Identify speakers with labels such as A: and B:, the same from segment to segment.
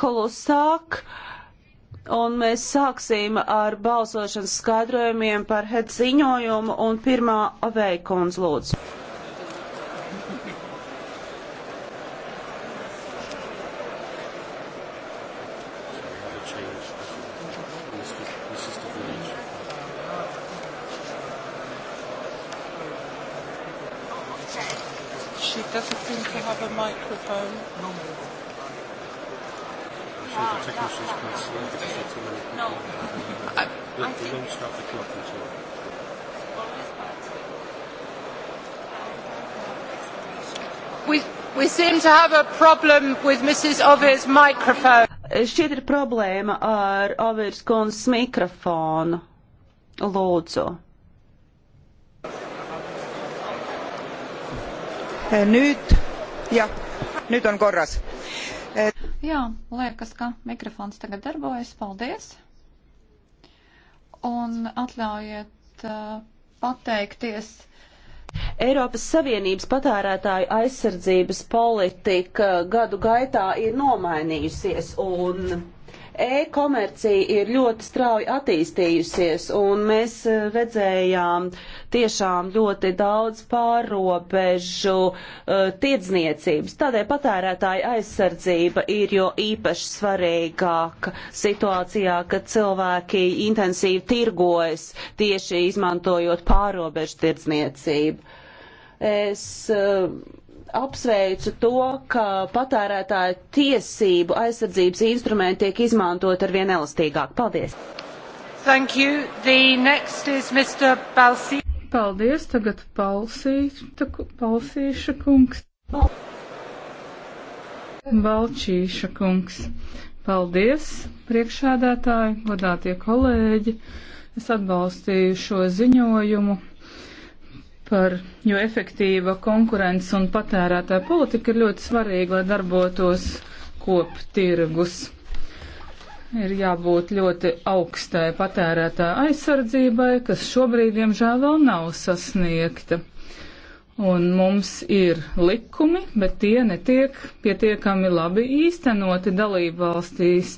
A: kolosāk. Un mēs sāksim ar balsošanas skaidrojumiem par het ziņojumu un pirmā veikums lūdzu. We, we seem to have a problem with Mrs. Ovir's microphone. Šķiet ir problēma ar Ovirs kundzes mikrofonu. Lūdzu. Nyt, ja, nyt on korras. E,
B: Jā, liekas, ka mikrofons tagad darbojas. Paldies. Un atļaujiet uh, pateikties
A: Eiropas Savienības patērētāju aizsardzības politika gadu gaitā ir nomainījusies un E-komercija ir ļoti strauji attīstījusies, un mēs e, redzējām tiešām ļoti daudz pārobežu uh, e, tiedzniecības. Tādēļ patērētāja aizsardzība ir jo īpaši svarīgāka situācijā, kad cilvēki intensīvi tirgojas tieši izmantojot pārobežu tirdzniecību. Es uh, apsveicu to, ka patērētāju tiesību aizsardzības instrumenti tiek izmantot ar vien elastīgāk. Paldies!
B: Thank you. The
C: next is Mr. Balsī.
A: Paldies, tagad
C: Palsīša, Palsīša kungs. Balčīša kungs. Paldies, priekšādātāji, godātie kolēģi. Es atbalstīju šo ziņojumu par, jo efektīva konkurence un patērētāja politika ir ļoti svarīga, lai darbotos koptirgus. Ir jābūt ļoti augstai patērētāja aizsardzībai, kas šobrīd, diemžēl, vēl nav sasniegta. Un mums ir likumi, bet tie netiek pietiekami labi īstenoti dalību valstīs.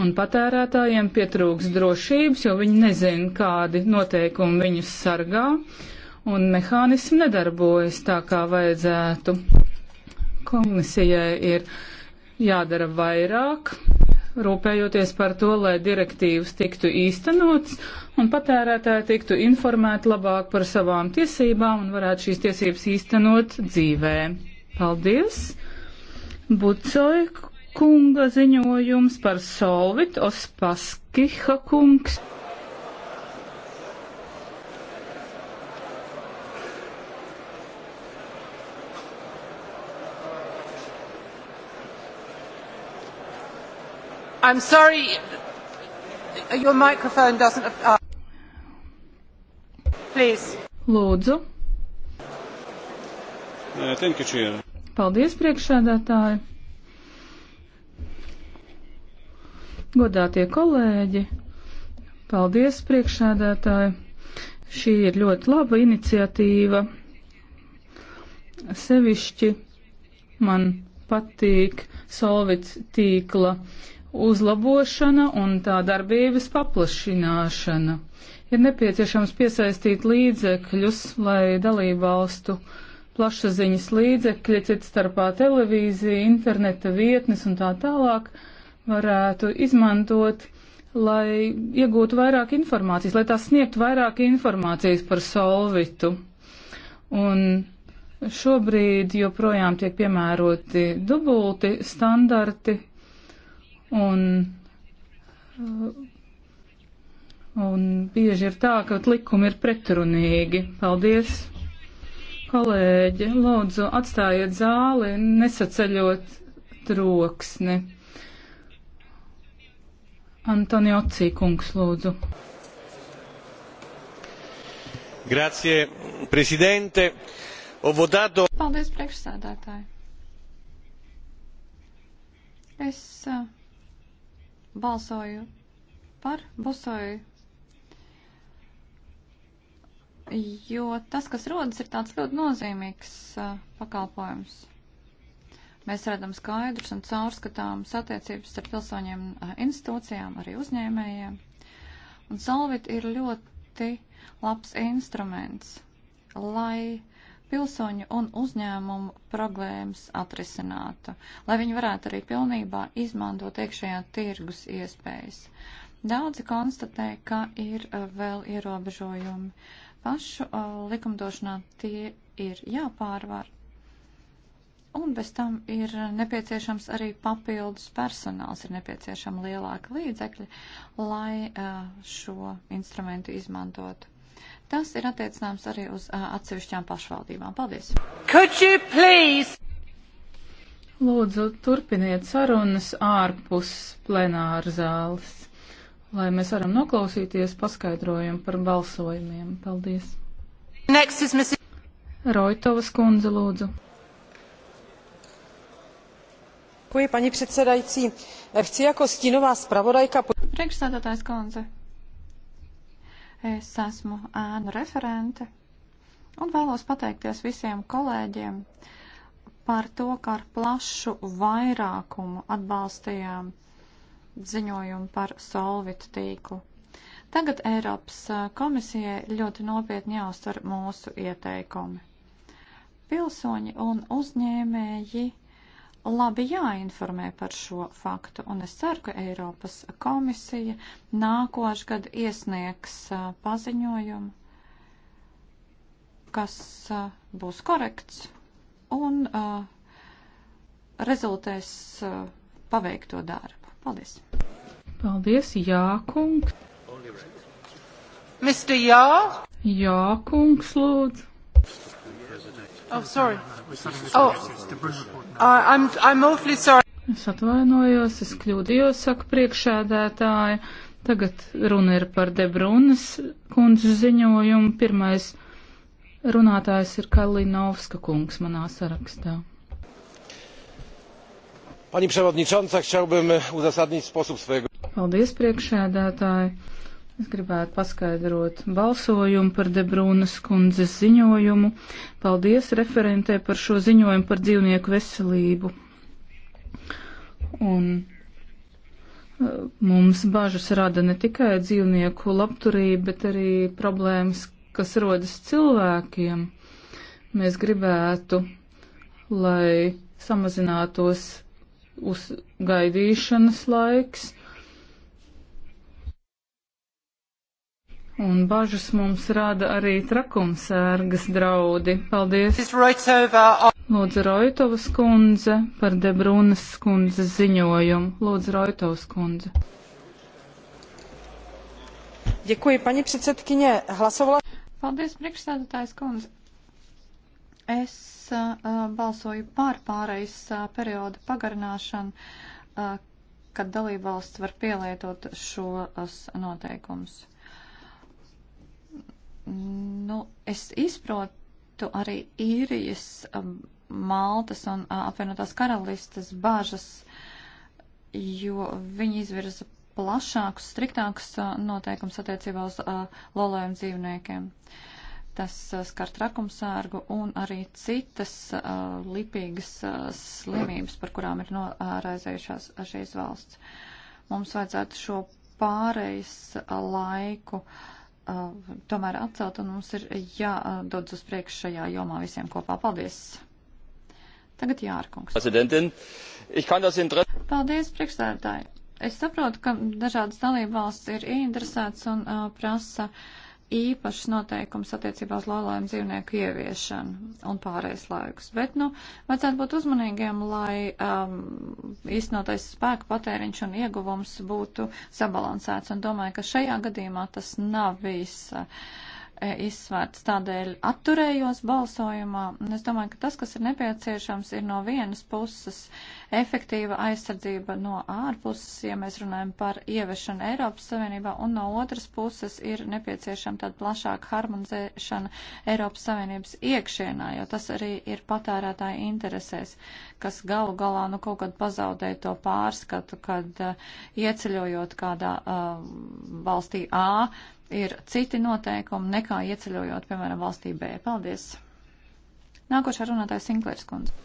C: Un patērētājiem pietrūks drošības, jo viņi nezina, kādi noteikumi viņus sargā. Uh, un mehānismi nedarbojas tā, kā vajadzētu. Komisijai ir jādara vairāk, rūpējoties par to, lai direktīvas tiktu īstenotas un patērētāji tiktu informēti labāk par savām tiesībām un varētu šīs tiesības īstenot dzīvē. Paldies! Bucoj kunga ziņojums par Solvit Ospaskiha kungs. I'm sorry, your microphone doesn't. Uh, please. Lūdzu.
A: Uh, thank you, Chair.
C: Paldies, priekšsēdētāji. Godātie kolēģi, paldies, priekšsēdētāji. Šī ir ļoti laba iniciatīva. Sevišķi man patīk solvits tīkla uh, uzlabošana un tā darbības paplašināšana. Ir nepieciešams piesaistīt līdzekļus, lai dalībvalstu plašsaziņas līdzekļi, cits starpā televīzija, interneta vietnes un tā tālāk varētu izmantot, lai iegūtu vairāk informācijas, lai tās sniegtu vairāk informācijas par solvitu. Un šobrīd joprojām tiek piemēroti dubulti standarti Un, un bieži ir tā, ka likumi ir pretrunīgi. Paldies, kolēģi. Lūdzu, atstājiet zāli, nesaceļot troksni. Antonio Cīkungs, lūdzu.
B: Grazie, prezidente. Ho votato... Paldies, priekšsēdētāji. Es uh, balsoju par Busoju, jo tas, kas rodas, ir tāds ļoti nozīmīgs uh, pakalpojums. Mēs redzam skaidrus un caurskatāmus attiecības starp pilsoņiem un institūcijām, arī uzņēmējiem. Un Solvit ir ļoti labs instruments, lai pilsoņu un uzņēmumu problēmas atrisinātu, lai viņi varētu arī pilnībā izmantot iekšējā tirgus iespējas. Daudzi konstatē, ka ir eh, vēl ierobežojumi. Pašu eh, likumdošanā tie ir jāpārvar. Un bez tam ir nepieciešams arī papildus personāls, ir nepieciešama lielāka līdzekļa, lai eh, šo instrumentu izmantotu. Tas ir attiecināms arī uz uh, atsevišķām pašvaldībām. Paldies!
C: Lūdzu, turpiniet sarunas ārpus plenāra zāles, lai mēs varam noklausīties paskaidrojumu par balsojumiem. Paldies! Next is Mrs. Rojtovas kundze, lūdzu.
B: Děkuji, paní předsedající. Chci jako stínová zpravodajka... Priekšsēdētājs kundze. Es esmu ēnu referente un vēlos pateikties visiem kolēģiem par to, ka ar plašu vairākumu atbalstījām ziņojumu par solvitu tīklu. Tagad Eiropas komisijai ļoti nopietni jāuztver mūsu ieteikumi. Pilsoņi un uzņēmēji labi jāinformē par šo faktu, un es ceru, ka Eiropas komisija nākošgad iesniegs paziņojumu, kas būs korekts un rezultēs paveikto darbu. Paldies!
C: Paldies, Jākung! Mr. Jā? Jā, kungs, lūdzu. Oh, sorry. Oh. I'm, I'm awfully sorry. Es atvainojos, es kļūdījos, saka priekšēdētāja. Tagad runa ir par Debrunas kundzes ziņojumu. Pirmais runātājs ir Kalinovska kungs manā sarakstā.
B: Pani przewodnicząca, chciałbym uzasadnić sposób swojego.
C: Paldies, priekšēdētāji. Es gribētu paskaidrot balsojumu par Debrūnas kundzes ziņojumu. Paldies referentē par šo ziņojumu par dzīvnieku veselību. Un e, mums bažas rada ne tikai dzīvnieku labturība, bet arī problēmas, kas rodas cilvēkiem. Mēs gribētu, lai samazinātos uzgaidīšanas laiks Un bažas mums rada arī trakumsērgas draudi. Paldies! Lūdzu, Roitovas kundze par Debrūnas kundzes ziņojumu. Lūdzu, Roitovas kundze.
B: Děkuji, paní předsedkyně. Hlasovala... Paldies, priekšstādātājs kundze. Es uh, balsoju pār pārejas uh, periodu pagarināšanu, uh, kad dalībvalsts var pielietot šos noteikumus. Uh, Nu, es izprotu arī īrijas, um, Maltas un uh, apvienotās karalistas bažas, jo viņi izvirza plašākus, striktākus uh, noteikumus attiecībā uz uh, lolojumu dzīvniekiem. Tas skar trakumsārgu un arī citas uh, lipīgas uh, slimības, par kurām ir noraizējušās šīs valsts. Mums vajadzētu šo pārejas laiku uh, Uh, tomēr atcelt, un mums ir jādodas uz priekšu šajā jomā visiem kopā. Paldies! Tagad Jārkungs. Paldies, priekšstādātāji! Es saprotu, ka dažādas dalība valsts ir ieinteresētas un uh, prasa uh, īpašs noteikums attiecībā uz laulājumu dzīvnieku ieviešanu un pārējais laikus. Bet, nu, vajadzētu būt uzmanīgiem, lai um, īstenotais spēku patēriņš un ieguvums būtu sabalansēts. Un domāju, ka šajā gadījumā tas nav bijis. Uh, izsvērts. Tādēļ atturējos balsojumā. Un es domāju, ka tas, kas ir nepieciešams, ir no vienas puses efektīva aizsardzība no ārpuses, ja mēs runājam par ieviešanu Eiropas Savienībā, un no otras puses ir nepieciešama tāda plašāka harmonizēšana Eiropas Savienības iekšienā, jo tas arī ir patērētāja interesēs, kas galu galā nu kaut kad pazaudē to pārskatu, kad uh, ieceļojot kādā uh, valstī A, ir citi noteikumi nekā ieceļojot, piemēram, valstī B. Paldies! Nākošā runātāja
A: Sinklērs kundze.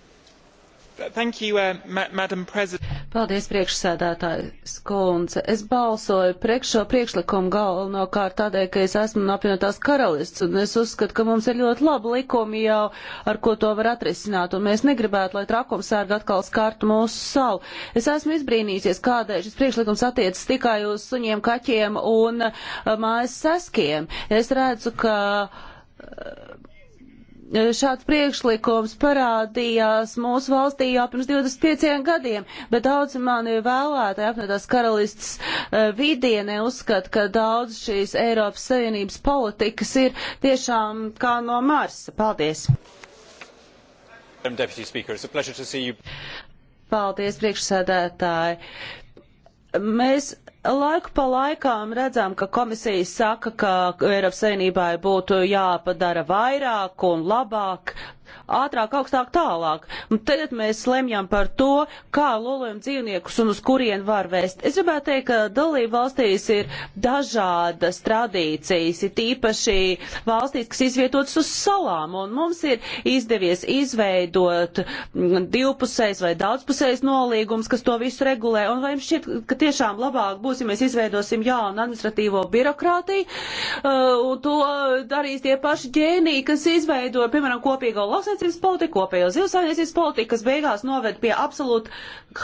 C: You, uh,
A: Paldies, priekšsēdētājs Kolundze. Es balsoju priekš šo priekšlikumu galvenokārt tādēļ, ka es esmu no apvienotās karalists, un es uzskatu, ka mums ir ļoti labi likumi jau, ar ko to var atrisināt, un mēs negribētu, lai trakumsērga atkal skārtu mūsu salu. Es esmu izbrīnījusies, kādēļ šis priekšlikums attiecas tikai uz suņiem, kaķiem un uh, mājas saskiem. Es redzu, ka. Uh, šāds priekšlikums parādījās mūsu valstī jau pirms 25 gadiem, bet daudzi mani vēlētāji apmetās karalists e, vidienē uzskata, ka daudz šīs Eiropas Savienības politikas ir tiešām kā no Marsa. Paldies! Paldies, priekšsēdētāji! Mēs laiku pa laikām redzam, ka komisija saka, ka Eiropas Savienībai būtu jāpadara vairāk un labāk, ātrāk, augstāk, tālāk. Un tagad mēs lemjam par to, kā lolojam dzīvniekus un uz kurien var vest. Es gribētu teikt, ka dalību valstīs ir dažādas tradīcijas, ir tīpaši valstīs, kas izvietotas uz salām, un mums ir izdevies izveidot divpusējs vai daudzpusējs nolīgums, kas to visu regulē, un vai jums šķiet, ka tiešām labāk būs, ja mēs izveidosim jaunu administratīvo birokrātiju, uh, un to darīs tie paši ģēniji, kas izveido, piemēram, kopīgo lauksaimniecību, lauksaimniecības politika, kopējo zivsaimniecības politika, kas beigās noved pie absolūta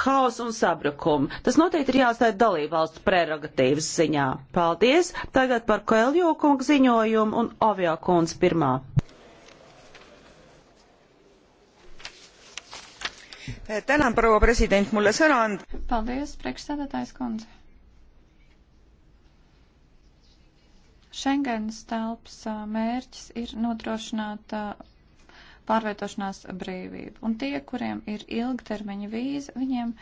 A: hausa un sabrukuma. Tas noteikti ir jāstāja dalībvalstu prerogatīvas ziņā. Paldies! Tagad par Koeljo kungu ziņojumu un Ovio kungs pirmā. Tänan, proua president, mulle sõna and-.
B: paldies, priekšsēdētājs kundze. Schengens telpas mērķis ir nodrošināt pārvietošanās brīvību. Un tie, kuriem ir ilgtermiņa vīza, viņiem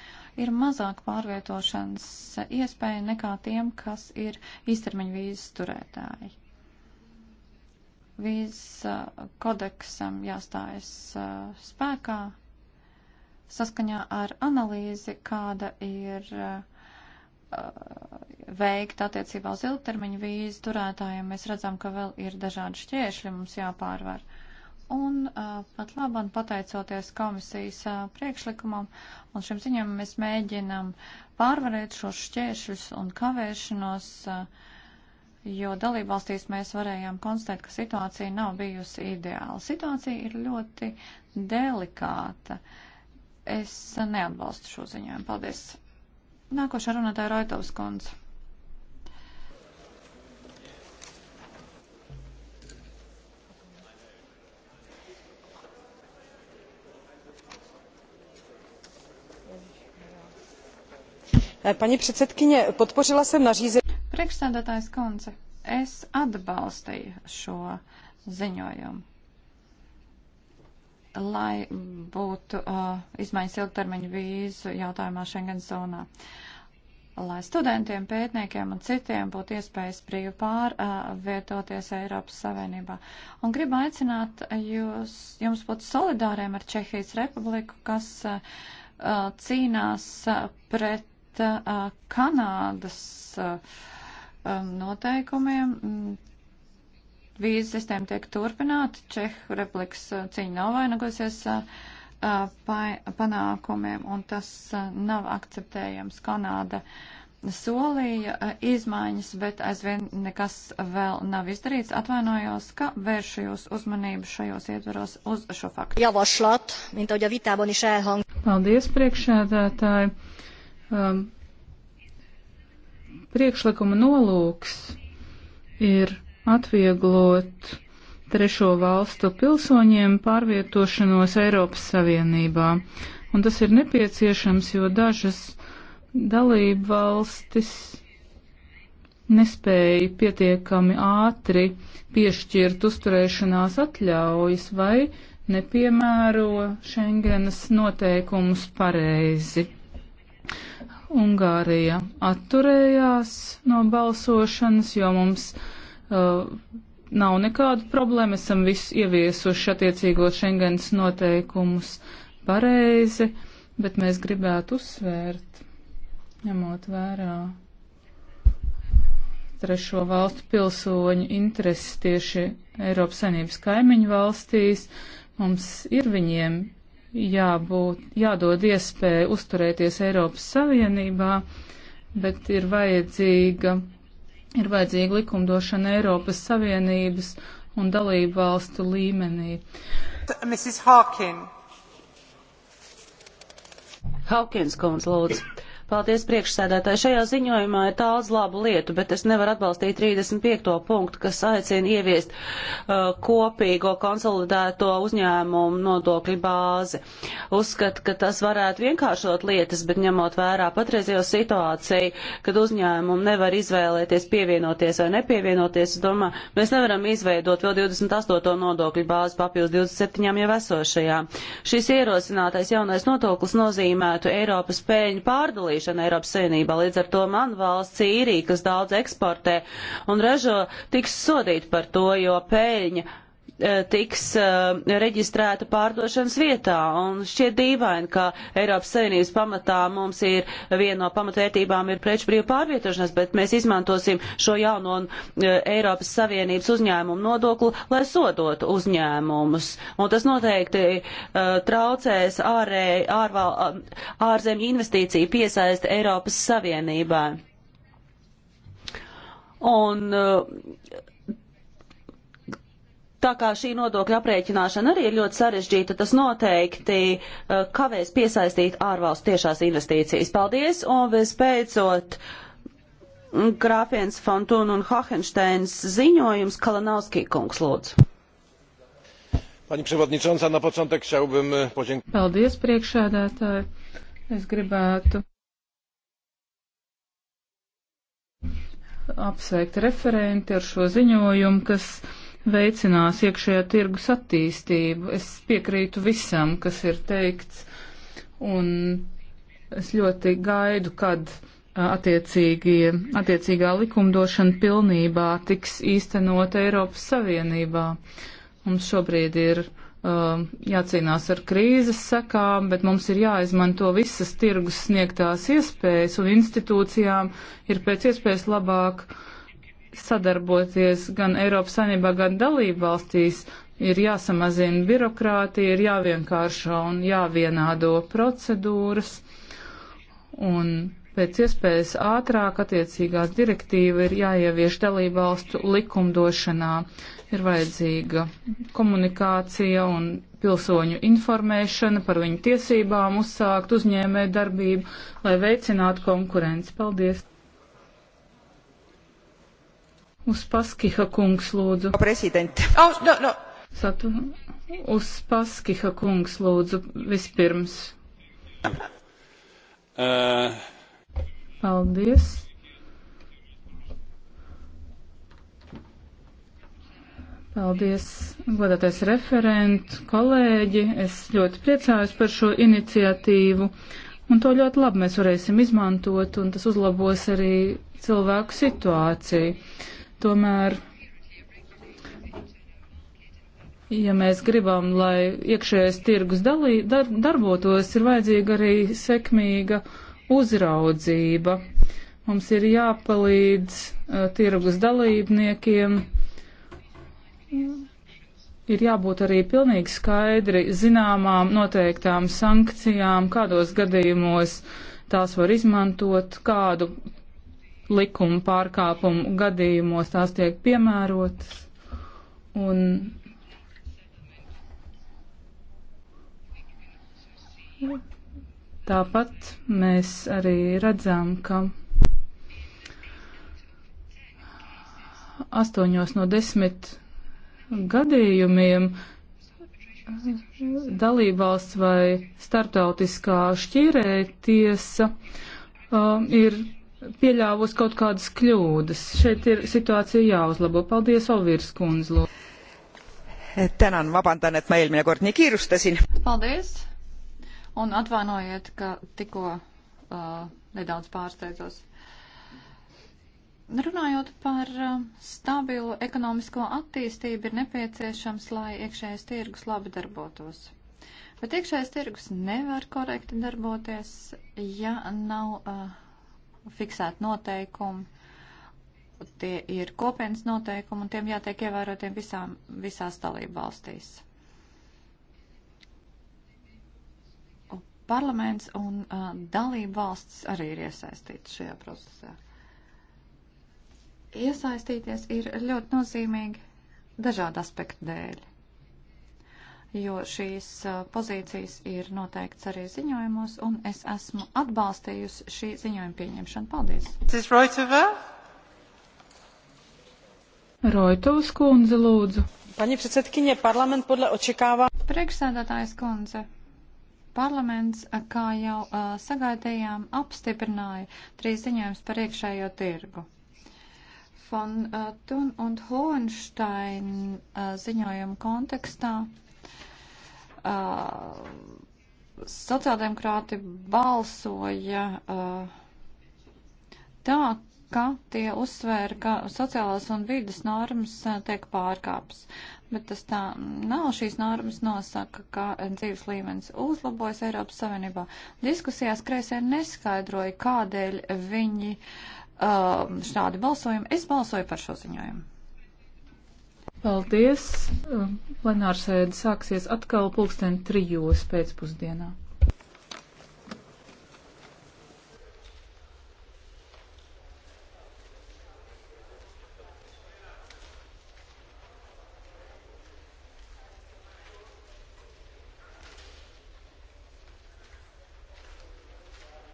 B: ir mazāk pārvietošanas iespēja nekā tiem, kas ir īstermiņa vīzas turētāji. Vīzas kodeksam jāstājas spēkā saskaņā ar analīzi, kāda ir veikt attiecībā uz ilgtermiņu vīzu turētājiem, mēs redzam, ka vēl ir dažādi šķēršļi mums jāpārvar. Uh, un uh, pat labam pateicoties komisijas uh, priekšlikumam un šim ziņam mēs mēģinam pārvarēt šos šķēršļus un kavēšanos, uh, jo dalībvalstīs mēs varējām konstatēt, ka situācija nav bijusi ideāla. Situācija ir ļoti delikāta. Es neatbalstu šo ziņojumu. Paldies. Nākošā runātāja Raitovs kundze. Eh, Paņi predsedkiņe, podpožila sem nařízē. Priekšstādātājs kundze, es atbalstīju šo ziņojumu lai būtu uh, izmaiņas ilgtermiņu vīzu jautājumā Schengen zonā. Lai studentiem, pētniekiem un citiem būtu iespējas brīvi pārvietoties uh, Eiropas Savienībā. Un gribu aicināt jūs, jums būt solidāriem ar Čehijas Republiku, kas uh, cīnās pret uh, Kanādas uh, noteikumiem. Mm, vīzu sistēma tiek turpināta, Čehu republikas cīņa nav vainagosies panākumiem, un tas nav akceptējams. Kanāda solīja izmaiņas, bet aizvien nekas vēl nav izdarīts. Atvainojos, ka vēršu jūs uzmanību šajos ietveros uz šo faktu. Javaslat, mint ahogy a vitában is elhang.
C: Paldies, priekšsēdētāji um, priekšlikuma nolūks ir atvieglot trešo valstu pilsoņiem pārvietošanos Eiropas Savienībā. Un tas ir nepieciešams, jo dažas dalību valstis nespēja pietiekami ātri piešķirt uzturēšanās atļaujas vai nepiemēro Schengenas noteikumus pareizi. Ungārija atturējās no balsošanas, jo mums uh, nav nekādu problēmu. Esam visu ieviesuši attiecīgos Schengens noteikumus pareizi, bet mēs gribētu uzsvērt, ņemot vērā trešo valstu pilsoņu intereses tieši Eiropas saimnības kaimiņu valstīs, mums ir viņiem jābūt, jādod iespēja uzturēties Eiropas Savienībā, bet ir vajadzīga, ir vajadzīga likumdošana Eiropas Savienības un dalību valstu līmenī. Mrs. Hawkins.
A: Hawkins, kundz, lūdzu. Paldies priekšsēdētāji. Šajā ziņojumā ir daudz labu lietu, bet es nevaru atbalstīt 35. punktu, kas aicina ieviest uh, kopīgo konsolidēto uzņēmumu nodokļu bāzi. Uzskatu, ka tas varētu vienkāršot lietas, bet ņemot vērā patreizējo situāciju, kad uzņēmumu nevar izvēlēties pievienoties vai nepievienoties, es domāju, mēs nevaram izveidot vēl 28. nodokļu bāzi papildus 27 jau esošajā. Šis ierosinātais jaunais nodoklis nozīmētu Eiropas pēļņu pārdalīšanu radīšanu Eiropas Savienībā. Līdz ar to man valsts īrija, kas daudz eksportē un ražo, tiks sodīt par to, jo pēļņa Eh, tiks eh, reģistrēta pārdošanas vietā. Un šķiet dīvaini, ka Eiropas Savienības pamatā mums ir viena no pamatvērtībām ir preču brīvu pārvietošanās, bet mēs izmantosim šo jauno eh, Eiropas Savienības uzņēmumu nodoklu, lai sodotu uzņēmumus. Un tas noteikti uh, traucēs ārē, ārval, ārzemju investīciju piesaisti Eiropas Savienībā. Un uh, Tā kā šī nodokļa aprēķināšana arī ir ļoti sarežģīta, tas noteikti uh, kavēs piesaistīt ārvalstu tiešās investīcijas. Paldies! Un vispēcot mm, grāfiens Fontūna un Hohensteins ziņojums Kalanauskī kungs lūdzu.
B: Pani przewodnicząca, na początek chciałbym e, podziękować.
C: Paldies, priekšādātāji. Es gribētu apsveikt referenti ar šo ziņojumu, kas veicinās iekšējā tirgus attīstību. Es piekrītu visam, kas ir teikts, un es ļoti gaidu, kad attiecīgā likumdošana pilnībā tiks īstenot Eiropas Savienībā. Mums šobrīd ir uh, jācīnās ar krīzes sekām, bet mums ir jāizmanto visas tirgus sniegtās iespējas un institūcijām ir pēc iespējas labāk uh, sadarboties gan Eiropas Savienībā, gan dalību valstīs. Ir jāsamazina birokrātija, ir jāvienkāršo un jāvienādo procedūras. Un pēc iespējas ātrāk attiecīgās direktīva ir jāievieš dalību valstu likumdošanā. Ir vajadzīga komunikācija un pilsoņu informēšana par viņu tiesībām uzsākt uzņēmē darbību, lai veicinātu konkurenci. Paldies! Uz Paskiha kungs lūdzu. Prezident. Oh, no, no. Satu. Uz Paskiha kungs lūdzu vispirms. Uh. Paldies. Paldies, godātais referent, kolēģi. Es ļoti priecājos par šo iniciatīvu. Un to ļoti labi mēs varēsim izmantot, un tas uzlabos arī cilvēku situāciju. Tomēr, ja mēs gribam, lai iekšējais tirgus dalī, dar, darbotos, ir vajadzīga arī sekmīga uzraudzība. Mums ir jāpalīdz uh, tirgus dalībniekiem. Ir jābūt arī pilnīgi skaidri zināmām noteiktām sankcijām, kādos gadījumos tās var izmantot, kādu likuma pārkāpumu gadījumos tās tiek piemērotas. Un tāpat mēs arī redzam, ka astoņos no desmit gadījumiem dalībvalsts vai starptautiskā šķīrētiesa uh, ir pieļāvusi kaut kādas kļūdas. Šeit ir situācija jāuzlabo. Paldies, Olvīrs
B: Kunzlo. Tänan, vabandan, et ma eelmine kord nii kiirustasin. Paldies un atvainojiet, ka tikko uh, nedaudz pārsteidzos. Runājot par uh, stabilu ekonomisko attīstību, ir nepieciešams, lai iekšējais tirgus labi darbotos. Bet iekšējais tirgus nevar korekti darboties, ja nav uh, fiksēti noteikumi, tie ir kopienas noteikumi un tiem jātiek ievērotiem visām, visās dalību valstīs. Parlaments un uh, dalību valsts arī ir iesaistīts šajā procesā. Iesaistīties ir ļoti nozīmīgi dažādu aspektu dēļ jo šīs uh, pozīcijas ir noteikts arī ziņojumos, un es esmu atbalstījusi šī ziņojuma pieņemšanu. Paldies!
C: Roitovs kundze,
B: lūdzu. Paņi predsedkiņa, parlament podle očekāvā. Priekšsēdētājs kundze, parlaments, uh, kā jau uh, sagaidījām, apstiprināja trīs ziņojumus par iekšējo tirgu. Von uh, Tun un Hohenstein uh, ziņojumu kontekstā Uh, sociāldemokrāti balsoja uh, tā, ka tie uzsvēra, ka sociālās un vidas normas uh, tiek pārkāps. Bet tas tā nav. Šīs normas nosaka, ka dzīves līmenis uzlabojas Eiropas Savienībā. Diskusijās kreisē neskaidroja, kādēļ viņi um, šādi balsojumi. Es balsoju par šo ziņojumu. Paldies! Plenārsēde sāksies atkal pulksten trijos
C: pēcpusdienā.